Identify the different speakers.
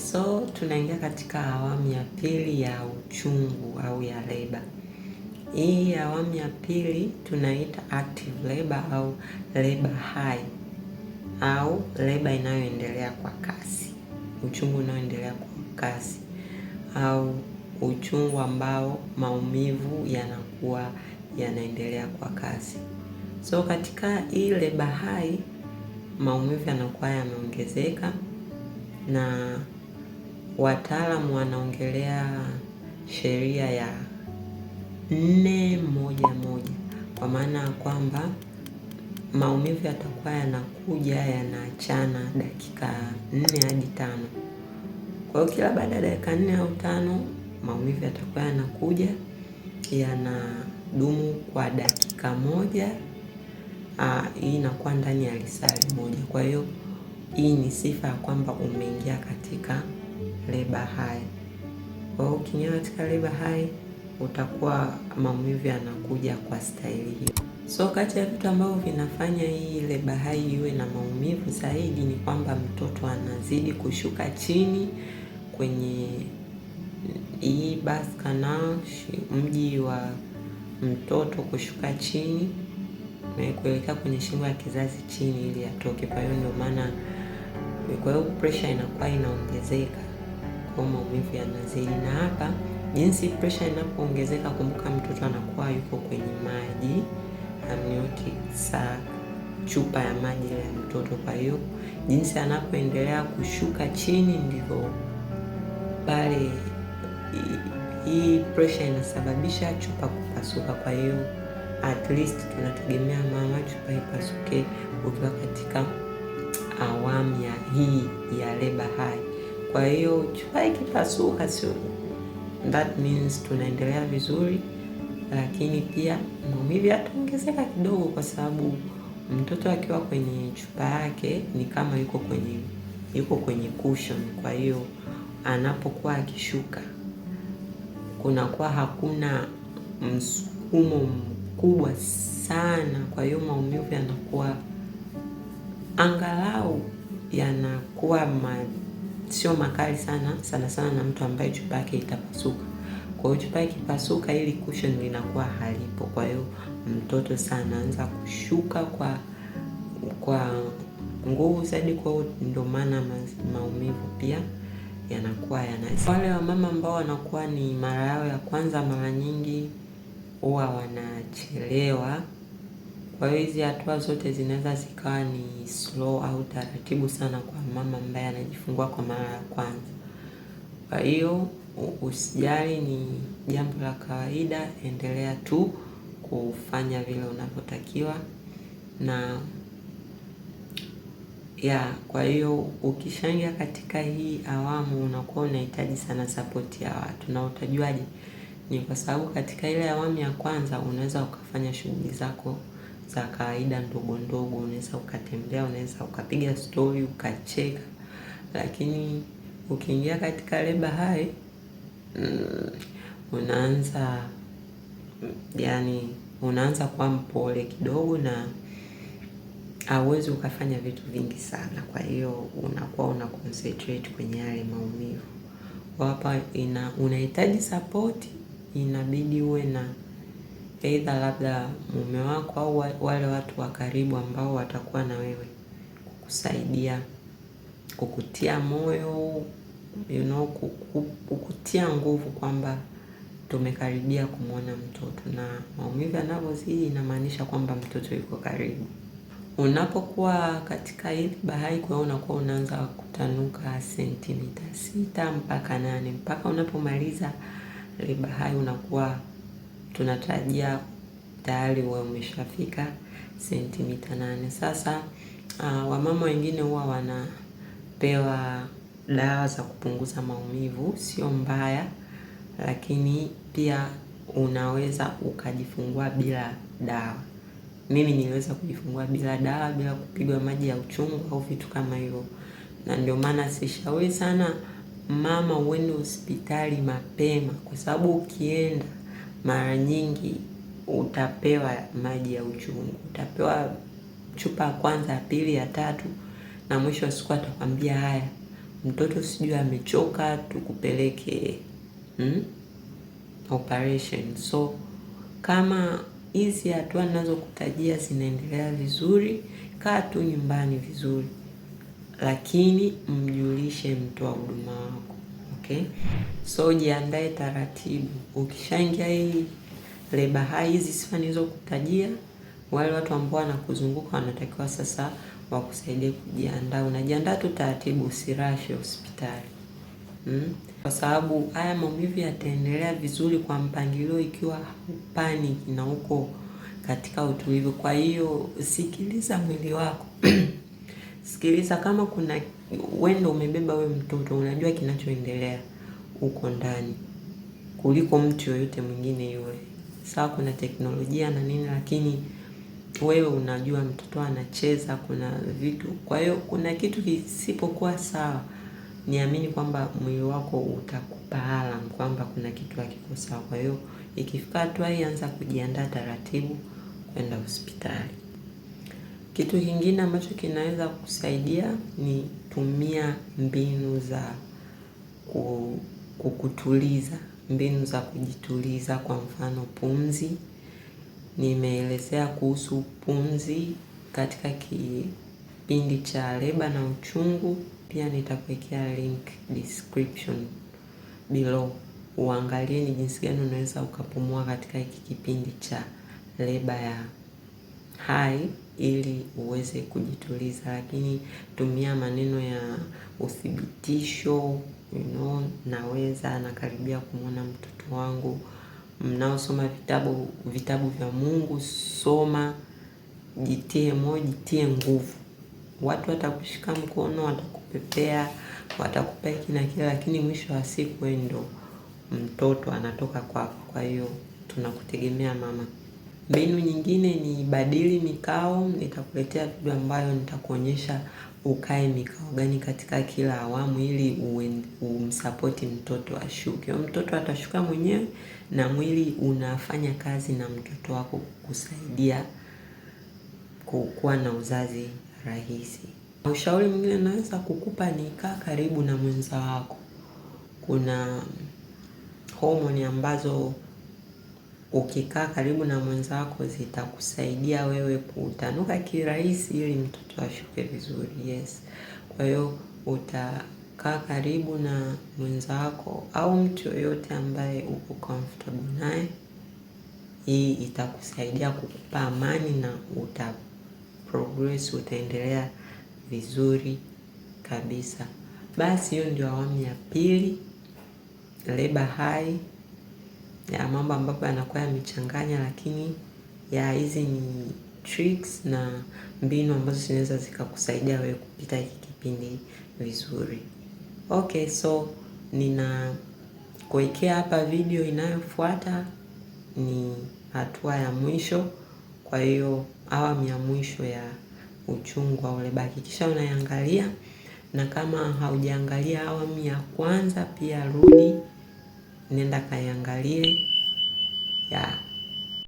Speaker 1: So tunaingia katika awamu ya pili ya uchungu au ya leba. Hii awamu ya pili tunaita active labor au labor hai au leba inayoendelea kwa kasi, uchungu unaoendelea kwa kasi au uchungu ambao maumivu yanakuwa yanaendelea kwa kasi. So katika hii leba hai maumivu yanakuwa yameongezeka na wataalamu wanaongelea sheria ya nne moja moja, kwa maana ya kwamba maumivu yatakuwa yanakuja yanaachana dakika nne hadi tano. Kwa hiyo kila baada ya dakika nne au tano maumivu yatakuwa yanakuja yanadumu kwa dakika moja. Aa, ah, hii inakuwa ndani ya risali moja. Kwa hiyo hii ni sifa ya kwamba umeingia katika leba hai. Kwa hiyo ukinyoa katika leba hai utakuwa maumivu yanakuja kwa staili hiyo. So kati ya vitu ambavyo vinafanya hii leba hai iwe na maumivu zaidi ni kwamba mtoto anazidi kushuka chini kwenye hii birth canal, mji wa mtoto kushuka chini kuelekea kwenye shingo ya kizazi chini ili atoke. Kwa hiyo ndio maana, kwa hiyo pressure inakuwa inaongezeka au maumivu yanazidi. Na hapa jinsi presha inapoongezeka, kumbuka mtoto anakuwa yuko kwenye maji amnioti saa chupa ya maji ya mtoto. Kwa hiyo jinsi anapoendelea kushuka chini, ndivyo pale hii pressure inasababisha chupa kupasuka. Kwa hiyo at least tunategemea mama chupa ipasuke ukiwa katika awamu ya hii ya leba hai. Kwa hiyo chupa ikipasuka, sio that means tunaendelea vizuri, lakini pia maumivu yataongezeka kidogo, kwa sababu mtoto akiwa kwenye chupa yake ni kama yuko kwenye yuko kwenye cushion. Kwa hiyo anapokuwa akishuka, kunakuwa hakuna msukumo mkubwa sana, kwa hiyo maumivu yanakuwa angalau yanakuwa ma sio makali sana sana sana, na mtu ambaye chupa yake itapasuka. Kwa hiyo chupa ikipasuka, ili cushion linakuwa halipo. Kwa hiyo mtoto sana anaanza kushuka kwa kwa nguvu zaidi, kwa hiyo ndio maana maumivu pia yanakuwa yana. Wale mama ambao wanakuwa ni mara yao ya kwanza, mara nyingi huwa wanachelewa kwa hiyo hizi hatua zote zinaweza zikawa ni slow au taratibu sana kwa mama ambaye anajifungua kwa mara ya kwanza. Kwa hiyo usijali, ni jambo la kawaida, endelea tu kufanya vile unavyotakiwa na ya kwa hiyo ukishangia katika hii awamu unakuwa unahitaji sana sapoti ya watu, na utajuaje? Ni kwa sababu katika ile awamu ya kwanza unaweza ukafanya shughuli zako za kawaida ndogo ndogo, unaweza ukatembea, unaweza ukapiga stori ukacheka, lakini ukiingia katika leba hai mm, unaanza yani, unaanza kuwa mpole kidogo na hauwezi ukafanya vitu vingi sana. Kwa hiyo unakuwa una concentrate kwenye yale maumivu. Kwa hapa ina unahitaji sapoti, inabidi uwe na aidha labda mume wako au wale watu wa karibu ambao watakuwa na wewe kukusaidia, kukutia moyo you know, kukutia nguvu kwamba tumekaribia kumwona mtoto, na maumivu yanavyozidi inamaanisha kwamba mtoto yuko karibu. Unapokuwa katika hili bahai, kwa hiyo unakuwa unaanza kutanuka sentimita sita mpaka nane mpaka unapomaliza libahai unakuwa tunatarajia tayari uwe umeshafika sentimita nane. Sasa uh, wamama wengine huwa wanapewa dawa za kupunguza maumivu, sio mbaya, lakini pia unaweza ukajifungua bila dawa. Mimi niliweza kujifungua bila dawa, bila kupigwa maji ya uchungu au vitu kama hivyo, na ndio maana sishauri sana mama uende hospitali mapema, kwa sababu ukienda mara nyingi utapewa maji ya uchungu, utapewa chupa ya kwanza, ya pili, ya tatu, na mwisho wa siku atakwambia haya, mtoto sijui amechoka, tukupeleke hmm, operation. So kama hizi hatua ninazokutajia zinaendelea vizuri, kaa tu nyumbani vizuri, lakini mjulishe mtoa huduma wako. Okay, so jiandae taratibu. Ukishaingia hii leba hai, hizi sifa nilizokutajia, wale watu ambao wanakuzunguka wanatakiwa sasa wakusaidie kujiandaa. Unajiandaa tu taratibu, usirashe hospitali mm? Kwa sababu haya maumivu yataendelea vizuri kwa mpangilio, ikiwa upani na uko katika utulivu. Kwa hiyo sikiliza mwili wako Sikiliza, kama kuna wendo umebeba we mtoto, unajua kinachoendelea huko ndani kuliko mtu yoyote mwingine yule. Sawa, kuna teknolojia na nini, lakini wewe unajua mtoto anacheza, kuna vitu. Kwa hiyo kuna kitu kisipokuwa sawa, niamini kwamba mwili wako utakupa alarm kwamba kuna kitu hakiko sawa. Kwa hiyo ikifika hatua hii, anza kujiandaa taratibu kwenda hospitali. Kitu kingine ambacho kinaweza kusaidia ni tumia mbinu za kukutuliza, mbinu za kujituliza kwa mfano pumzi. Nimeelezea kuhusu pumzi katika kipindi cha leba na uchungu, pia nitakuwekea link description below. Uangalie ni jinsi gani unaweza ukapumua katika hiki kipindi cha leba ya hai ili uweze kujituliza, lakini tumia maneno ya uthibitisho you know, naweza, nakaribia kumwona mtoto wangu. Mnaosoma vitabu vitabu vya Mungu, soma, jitie moyo, jitie nguvu. Watu watakushika mkono, watakupepea, watakupea na kila, lakini mwisho wa siku wewe ndo mtoto anatoka kwako. Kwa hiyo tunakutegemea mama. Mbinu nyingine ni badili mikao, nitakuletea video ambayo nitakuonyesha ukae mikao gani katika kila awamu ili umsapoti mtoto ashuke. Mtoto atashuka mwenyewe na mwili unafanya kazi na mtoto wako kusaidia kuwa na uzazi rahisi. Ushauri mwingine naweza kukupa ni kaa karibu na mwenza wako. Kuna homoni ambazo ukikaa karibu na mwenzako zitakusaidia wewe kutanuka kirahisi ili mtoto ashuke vizuri. Yes, kwa hiyo utakaa karibu na mwenzako au mtu yoyote ambaye uko comfortable naye. Hii itakusaidia kukupa amani na uta progress, utaendelea vizuri kabisa. Basi hiyo ndio awamu ya pili, leba hai ya mambo ambapo yanakuwa yamechanganya, lakini ya hizi ni tricks na mbinu ambazo zinaweza zikakusaidia wewe kupita hiki kipindi vizuri. Okay, so nina kuwekea hapa video inayofuata ni hatua ya mwisho. Kwa hiyo awamu ya mwisho ya uchungu au lebaki, kisha unaiangalia, na kama haujaangalia awamu ya kwanza, pia rudi nenda kaiangalie ya